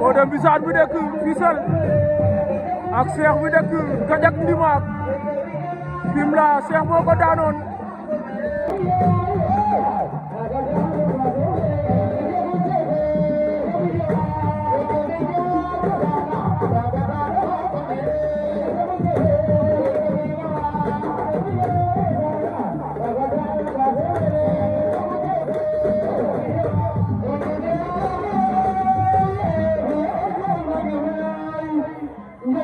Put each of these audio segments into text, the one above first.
Modou Mbissane bi dëkk Fissel ak Cheikh bi dëkk Kadiak Ndimak Fimela Cheikh moo ko daanoon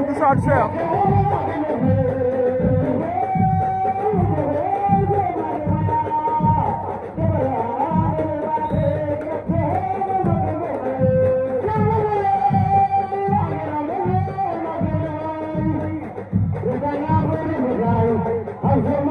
check this out yourself. I'm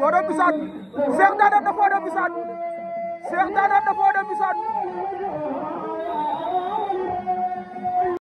Fodé Bissane Cheikh Ndanane Fodé Bissane Cheikh Ndanane Fodé Bissane